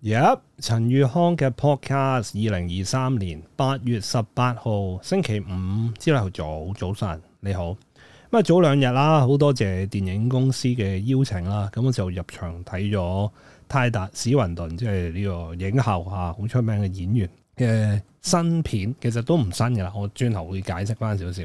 Yep 陳宇康嘅 podcast，二零二三年八月十八號星期五朝頭早早晨，你好。咁啊早兩日啦，好多謝電影公司嘅邀請啦，咁我就入場睇咗泰達史雲頓，即係呢個影后啊，好出名嘅演員，嘅新片其實都唔新嘅啦，我轉頭會解釋返少少，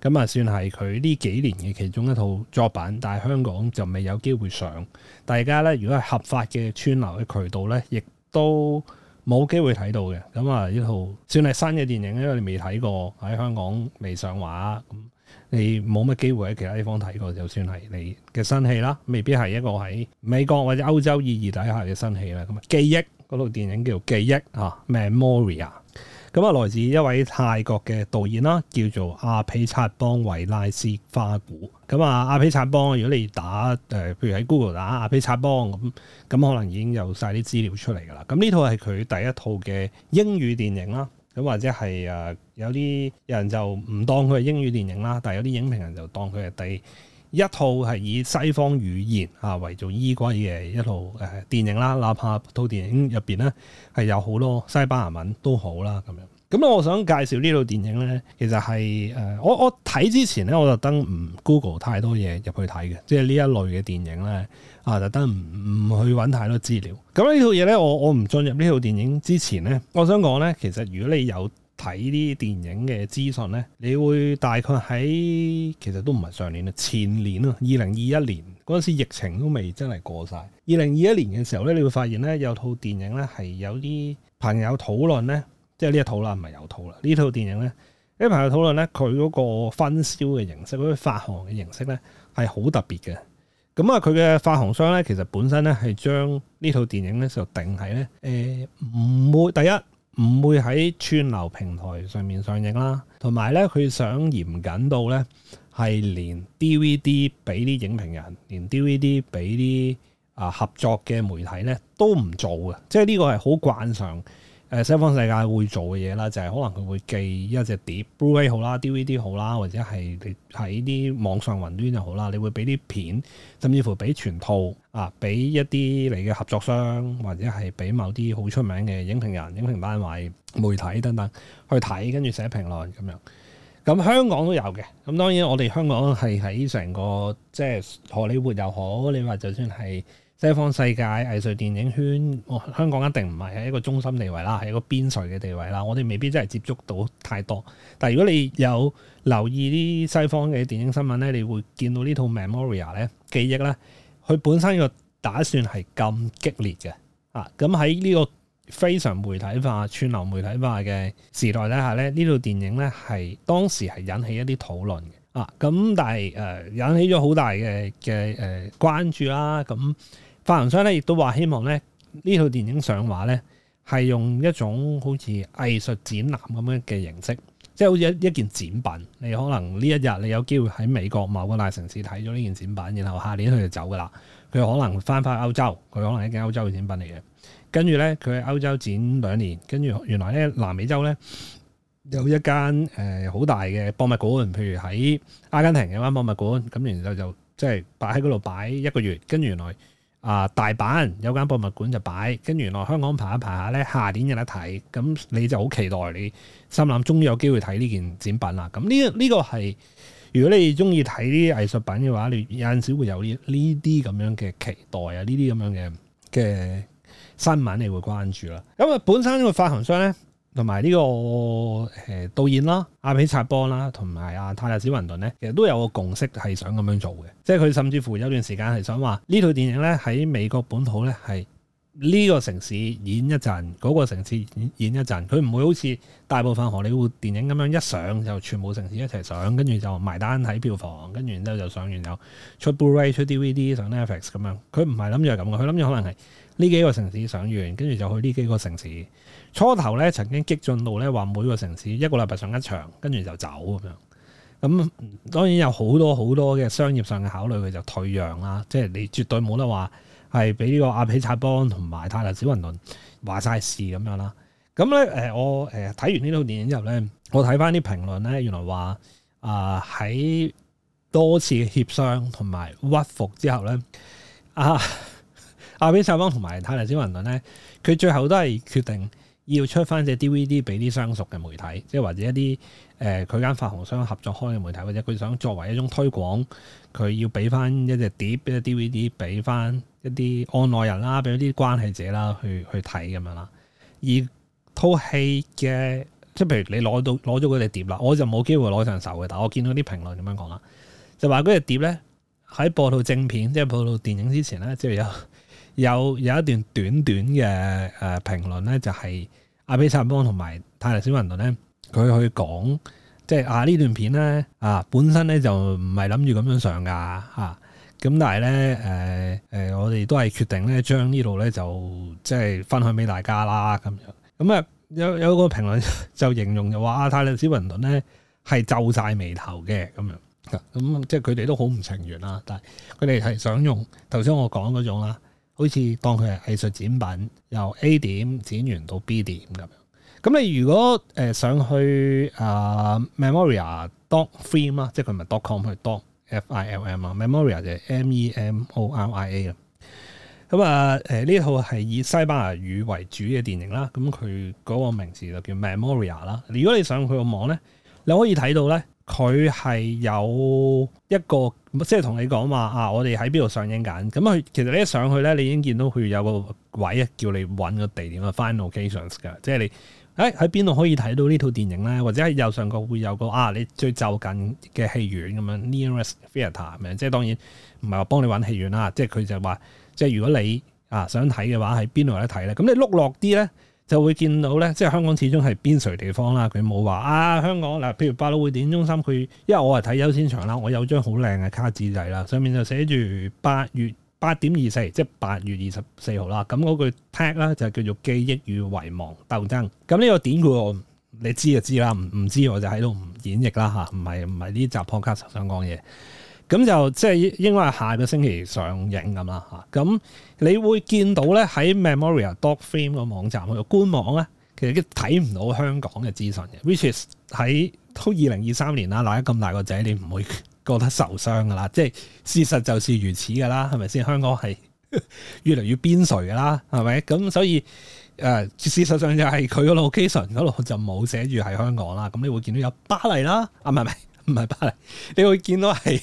咁啊算係佢呢幾年嘅其中一套作品，但係香港就未有機會上，大家咧如果係合法嘅串流嘅渠道咧，亦都冇機會睇到嘅。咁啊，呢套算係新嘅電影，因為你未睇過喺香港未上畫，咁你冇乜機會喺其他地方睇過，就算係你嘅新戲啦，未必係一個喺美國或者歐洲意義底下嘅新戲啦。咁啊，記憶。嗰套電影叫做《記憶》啊，《Memoria》，咁啊，來自一位泰國嘅導演啦，叫做阿彼察邦韋拉斯花古。咁啊，阿彼察邦，如果你打誒、呃，譬如喺 Google 打阿彼察邦，咁咁可能已經有晒啲資料出嚟噶啦。咁呢套係佢第一套嘅英語電影啦。咁或者係誒有啲人就唔當佢係英語電影啦，但係有啲影評人就當佢係第一套係以西方語言啊為做依歸嘅一套誒電影啦，哪怕套電影入邊咧係有好多西班牙文都好啦咁樣。咁我想介紹呢套電影咧，其實係誒我我睇之前咧，我特登唔 Google 太多嘢入去睇嘅，即係呢一類嘅電影咧啊，特登唔唔去揾太多資料。咁呢套嘢咧，我我唔進入呢套電影之前咧，我想講咧，其實如果你有睇啲電影嘅資訊呢，你會大概喺其實都唔係上年啦，前年啦，二零二一年嗰陣時疫情都未真係過晒。二零二一年嘅時候呢，你會發現呢，有套電影呢係有啲朋友討論呢，即係呢一套啦，唔係有套啦。呢套電影呢，啲朋友討論呢，佢嗰個分銷嘅形式，嗰啲發行嘅形式呢係好特別嘅。咁啊，佢嘅發行商呢，其實本身呢係將呢套電影呢就定係呢，誒、呃、唔會第一。唔會喺串流平台上面上映啦，同埋咧佢想嚴謹到咧係連 DVD 俾啲影評人，連 DVD 俾啲啊合作嘅媒體咧都唔做嘅，即係呢個係好慣常。誒西方世界會做嘅嘢啦，就係可能佢會寄一隻碟，Blu-ray 好啦，DVD 好啦，或者係你喺啲網上雲端又好啦，你會俾啲片，甚至乎俾全套啊，俾一啲你嘅合作商，或者係俾某啲好出名嘅影評人、影評單位、媒體等等去睇，跟住寫評論咁樣。咁香港都有嘅。咁當然我哋香港係喺成個即係荷里活又好，你話就算係。西方世界藝術電影圈，哦，香港一定唔係喺一個中心地位啦，係一個邊陲嘅地位啦。我哋未必真係接觸到太多。但係如果你有留意啲西方嘅電影新聞咧，你會見到呢套《Memoria》咧，記憶咧，佢本身個打算係咁激烈嘅啊。咁喺呢個非常媒體化、串流媒體化嘅時代底下咧，呢套電影咧係當時係引起一啲討論嘅啊。咁但係誒、呃、引起咗好大嘅嘅誒關注啦，咁、啊。嗯發行商咧，亦都話希望咧呢套電影上畫咧，係用一種好似藝術展覽咁樣嘅形式，即係好似一一件展品。你可能呢一日你有機會喺美國某個大城市睇咗呢件展品，然後下年佢就走噶啦。佢可能翻翻歐洲，佢可能係一件歐洲嘅展品嚟嘅。跟住咧，佢喺歐洲展兩年，跟住原來咧南美洲咧有一間誒好大嘅博物館，譬如喺阿根廷有一間博物館咁，然後就即係擺喺嗰度擺一個月，跟住原來。啊！大阪有間博物館就擺，跟住原來香港排一排下咧，下年有得睇，咁你就好期待，你心諗終於有機會睇呢件展品啦。咁呢、呢個呢、呢個係如果你中意睇啲藝術品嘅話，你有陣時會有呢啲咁樣嘅期待啊，呢啲咁樣嘅嘅新聞你會關注啦。咁啊，本身個發行商咧。同埋呢個誒導演啦，阿彼察邦啦，同埋阿泰達史雲頓咧，其實都有個共識係想咁樣做嘅，即係佢甚至乎有段時間係想話呢套電影咧喺美國本土咧係，呢個城市演一陣，嗰、那個城市演演一陣，佢唔會好似大部分荷里活電影咁樣一上就全部城市一齊上，跟住就埋單喺票房，跟住之後就上完又出 Blu-ray、ray，出 DVD 上 Netflix 咁樣。佢唔係諗住係咁嘅，佢諗住可能係呢幾個城市上完，跟住就去呢幾個城市。初頭呢曾經激進到呢話每個城市一個禮拜上一場，跟住就走咁樣。咁、嗯、當然有好多好多嘅商業上嘅考慮，佢就退讓啦。即係你絕對冇得話。係俾呢個阿彼察邦同埋泰達史雲頓話晒事咁樣啦。咁咧誒，我誒睇，呃、完呢套電影之後咧，我睇翻啲評論咧，原來話啊喺多次協商同埋屈服之後咧，阿、啊、阿、啊、彼察邦同埋泰達史雲頓咧，佢最後都係決定要出翻隻 DVD 俾啲相熟嘅媒體，即係或者一啲誒佢間發行商合作開嘅媒體，或者佢想作為一種推廣，佢要俾翻一隻碟俾 DVD 俾翻，一啲案內人啦，俾一啲關係者啦去去睇咁樣啦。而套戲嘅，即係譬如你攞到攞咗佢哋碟啦，我就冇機會攞上手嘅。但我見到啲評論咁樣講啦，就話嗰隻碟咧喺播到正片，即係播到電影之前咧，即係有有有一段短短嘅誒評論咧，就係、是、阿彼察邦同埋泰達史雲頓咧，佢去講，即係啊呢段片咧啊本身咧就唔係諗住咁樣上噶嚇，咁、啊、但係咧誒。呃誒、呃，我哋都係決定咧，將呢度咧就即係分享俾大家啦，咁樣。咁、嗯、啊，有有個評論就，就形容就話，泰達史雲頓咧係皺晒眉頭嘅，咁樣。咁、嗯嗯、即係佢哋都好唔情願啦，但係佢哋係想用頭先我講嗰種啦，好似當佢係藝術展品，由 A 點剪完到 B 點咁樣。咁、嗯、你、嗯嗯、如果誒、呃、想去啊 Memoria Dot 啦，Film，即係佢咪。Dot Com 去當。F I L M 啊，Memoria 就係 M, oria, M E M O R I A、嗯、啊，咁啊，誒呢套係以西班牙語為主嘅電影啦，咁佢嗰個名字就叫 Memoria 啦。如果你上佢個網咧，你可以睇到咧，佢係有一個，即係同你講話，啊，我哋喺邊度上映緊，咁、嗯、佢其實你一上去咧，你已經見到佢有個位啊，叫你揾個地點啊，find locations 噶，即係你。誒喺邊度可以睇到呢套電影咧？或者喺右上角會有個啊，你最就近嘅戲院咁樣 nearest theatre 咁樣，Theater, 嗯、即係當然唔係話幫你揾戲院啦，即係佢就話即係如果你啊想睇嘅話，喺邊度有得睇咧？咁、嗯、你碌落啲咧，就會見到咧，即係香港始終係邊陲地方啦，佢冇話啊香港嗱，譬如百老匯電影中心，佢因為我係睇優先場啦，我有張好靚嘅卡紙仔啦，上面就寫住八月。八點二四，24, 即係八月二十四號啦。咁嗰句 tag 啦，就叫做記憶與遺忘鬥爭。咁呢個典故，你知就知啦，唔唔知我就喺度唔演繹啦吓，唔係唔係呢集 podcast d 想講嘢。咁就即係應該係下個星期上映咁啦嚇。咁、啊、你會見到咧，喺 memoria doc fame 個網站佢官網咧，其實都睇唔到香港嘅資訊嘅。Which is 喺都二零二三年啦，嗱，咁大個仔你唔會？覺得受傷噶啦，即係事實就是如此噶啦，係咪先？香港係越嚟越邊陲噶啦，係咪？咁所以誒、呃，事實上就係佢個 location 嗰度就冇寫住係香港啦。咁你會見到有巴黎啦，啊唔係唔係唔係巴黎，你會見到係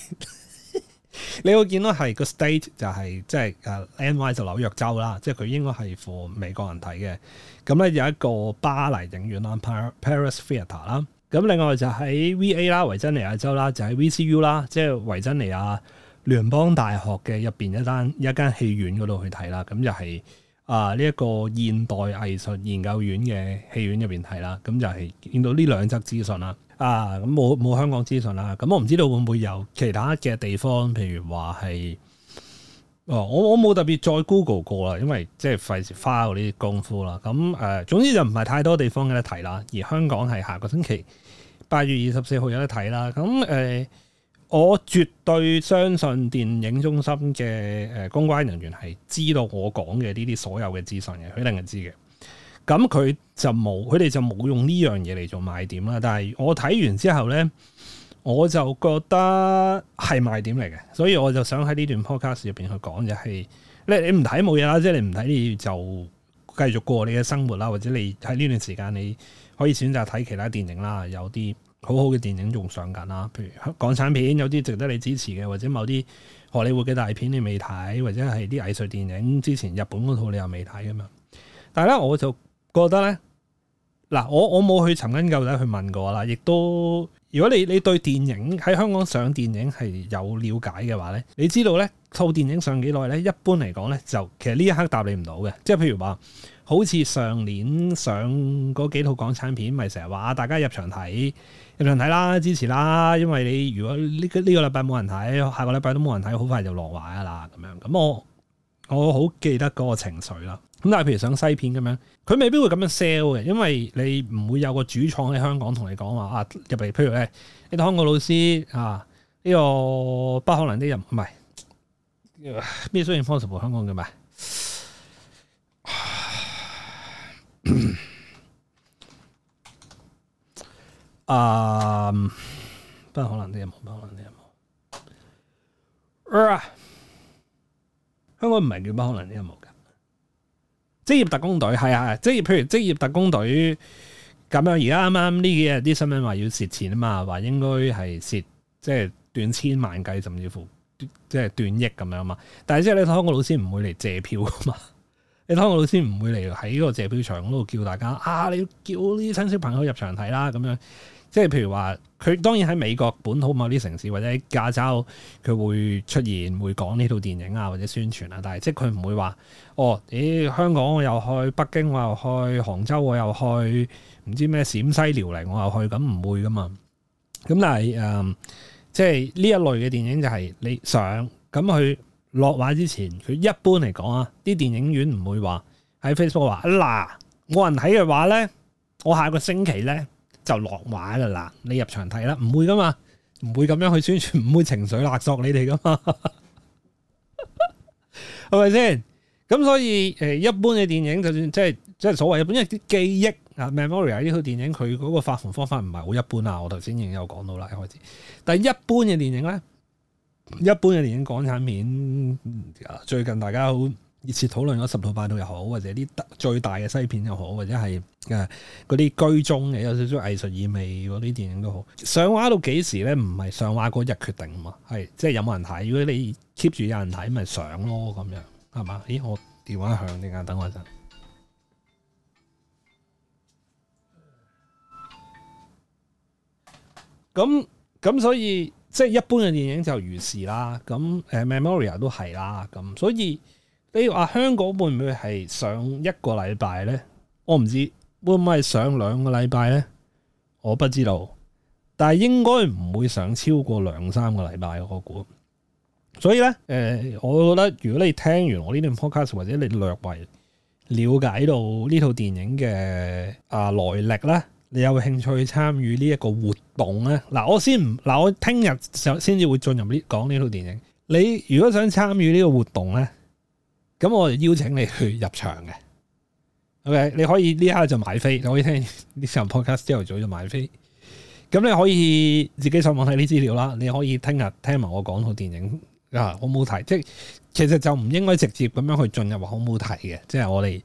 你會見到係個 state 就係即係誒 N.Y. 就紐約州啦，即係佢應該係畀美國人睇嘅。咁咧有一個巴黎影院啦，Paris Theatre 啦。咁另外就喺 VA 啦，維珍尼亞州啦，就喺 VCU 啦，即係維珍尼亞聯邦大學嘅入邊一單一間戲院嗰度去睇啦。咁就係、是、啊呢一、呢個現代藝術研究院嘅戲院入邊睇啦。咁就係見到呢兩則資訊啦。啊，咁冇冇香港資訊啦？咁我唔知道會唔會有其他嘅地方，譬如話係。哦，我我冇特別再 Google 過啦，因為即係費事花我嗰啲功夫啦。咁、嗯、誒，總之就唔係太多地方有得睇啦。而香港係下個星期八月二十四號有得睇啦。咁、嗯、誒、嗯，我絕對相信電影中心嘅誒公關人員係知道我講嘅呢啲所有嘅資訊嘅，佢一定係知嘅。咁、嗯、佢就冇，佢哋就冇用呢樣嘢嚟做賣點啦。但係我睇完之後咧。我就覺得係賣點嚟嘅，所以我就想喺呢段 podcast 入邊去講，就係你你唔睇冇嘢啦，即係你唔睇你就繼續過你嘅生活啦，或者你喺呢段時間你可以選擇睇其他電影啦，有啲好好嘅電影仲上緊啦，譬如港產片有啲值得你支持嘅，或者某啲荷里活嘅大片你未睇，或者係啲藝術電影，之前日本嗰套你又未睇咁樣。但係咧，我就覺得咧，嗱我我冇去曾經夠膽去問過啦，亦都。如果你你對電影喺香港上電影係有了解嘅話咧，你知道咧套電影上幾耐咧？一般嚟講咧，就其實呢一刻答你唔到嘅。即係譬如話，好似上年上嗰幾套港產片，咪成日話大家入場睇，入場睇啦，支持啦。因為你如果呢個呢個禮拜冇人睇，下個禮拜都冇人睇，好快就落畫噶啦咁樣。咁我我好記得嗰個情緒啦。咁但係譬如上西片咁樣，佢未必會咁樣 sell 嘅，因為你唔會有個主創喺香港同你講話啊，入嚟譬如咧，你當個老師啊，呢、這個不可能啲任務唔係咩商業方式部香港嘅咩啊？不可能啲任務，不可能啲任務。啊，香港唔係叫不可能啲任務。職業特工隊係啊，職業譬如職業特工隊咁樣，而家啱啱呢幾日啲新聞話要蝕錢啊嘛，話應該係蝕，即係斷千萬計，甚至乎即係斷億咁樣嘛。但係即係你睇我個老師唔會嚟借票㗎嘛，你睇我個老師唔會嚟喺個借票場嗰度叫大家啊，你要叫啲親戚朋友入場睇啦咁樣。即係譬如話，佢當然喺美國本土某啲城市或者喺加州，佢會出現會講呢套電影啊或者宣傳啊，但係即係佢唔會話哦，咦，香港我又去，北京我又去，杭州我又去，唔知咩陝西遼寧我又去，咁唔會㗎嘛。咁但係誒、嗯，即係呢一類嘅電影就係你想咁佢落畫之前，佢一般嚟講啊，啲電影院唔會話喺 Facebook 話嗱，冇人睇嘅話咧，我下個星期咧。就落畫啦嗱，你入場睇啦，唔會噶嘛，唔會咁樣去宣傳，唔會情緒勒索你哋噶嘛，係咪先？咁 所以誒，一般嘅電影就算即係即係所謂一般，因為啲記憶啊，memory 呢套電影佢嗰個發行方法唔係好一般啊，我頭先已經有講到啦，一開始。但係一般嘅電影咧，一般嘅電影港產片最近大家好。熱切討論咗十套、八套又好，或者啲最大嘅西片又好，或者係誒嗰啲居中嘅有少少藝術意味嗰啲電影都好。上畫到幾時咧？唔係上畫嗰日決定嘛，係即係有冇人睇。如果你 keep 住有人睇，咪、就是、上咯咁樣，係嘛？咦，我電話響，定而等我陣。咁咁，所以即係一般嘅電影就如是啦。咁誒，Memoria 都係啦。咁所以。比如話，香港會唔會係上一個禮拜咧？我唔知。會唔會係上兩個禮拜咧？我不知道，但係應該唔會上超過兩三個禮拜。我估，所以咧，誒、呃，我覺得如果你聽完我呢段 podcast，或者你略為了解到呢套電影嘅啊來歷咧，你有興趣參與呢一個活動咧，嗱，我先唔嗱，我聽日就先至會進入呢講呢套電影。你如果想參與呢個活動咧？咁我哋邀請你去入場嘅，OK？你可以呢刻就買飛，你可以聽呢場 podcast 朝頭早就買飛。咁你可以自己上網睇啲資料啦。你可以聽日聽埋我講套電影啊，好唔好睇？即係其實就唔應該直接咁樣去進入話好唔好睇嘅。即係我哋，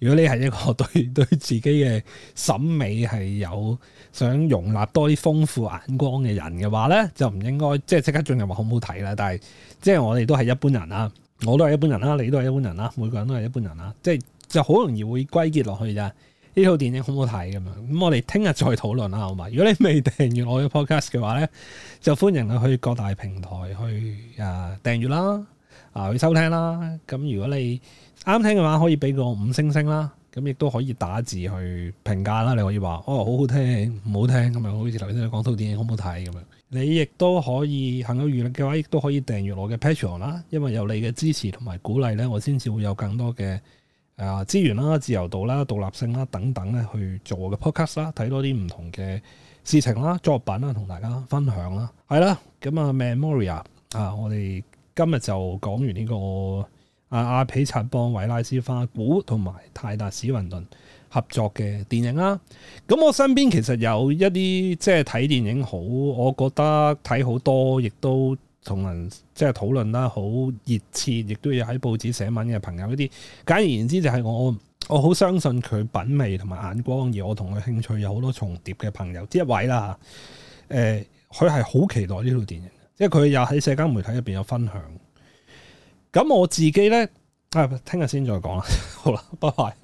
如果你係一個對對自己嘅審美係有想容納多啲豐富眼光嘅人嘅話咧，就唔應該即係即刻進入話好唔好睇啦。但係即係我哋都係一般人啊。我都係一般人啦，你都係一般人啦，每個人都係一般人啦，即係就好容易會歸結落去咋？呢套電影好唔好睇咁樣？咁我哋聽日再討論啦，好嘛？如果你未訂閱我嘅 podcast 嘅話呢，就歡迎去各大平台去啊訂閱啦，啊去收聽啦。咁如果你啱聽嘅話，可以俾個五星星啦。咁亦都可以打字去評價啦。你可以話哦，好好聽，唔好聽咁樣。好似頭先你講套電影好唔好睇咁樣。你亦都可以行有餘力嘅話，亦都可以訂閱我嘅 Patreon 啦，因為有你嘅支持同埋鼓勵咧，我先至會有更多嘅誒資源啦、自由度啦、獨立性啦等等咧，去做我嘅 podcast 啦，睇多啲唔同嘅事情啦、作品啦，同大家分享啦，係啦，咁啊，Memoria 啊，我哋今日就講完呢個阿阿彼察邦、韋拉斯花古同埋泰達史雲頓。合作嘅電影啦，咁我身邊其實有一啲即係睇電影好，我覺得睇好多，亦都同人即係討論啦，好熱切，亦都有喺報紙寫文嘅朋友一啲。簡而言之就，就係我我好相信佢品味同埋眼光，而我同佢興趣有好多重疊嘅朋友，呢一位啦，誒、呃，佢係好期待呢套電影，即係佢又喺社交媒體入邊有分享。咁我自己呢，啊，聽日先再講啦，好啦，拜拜。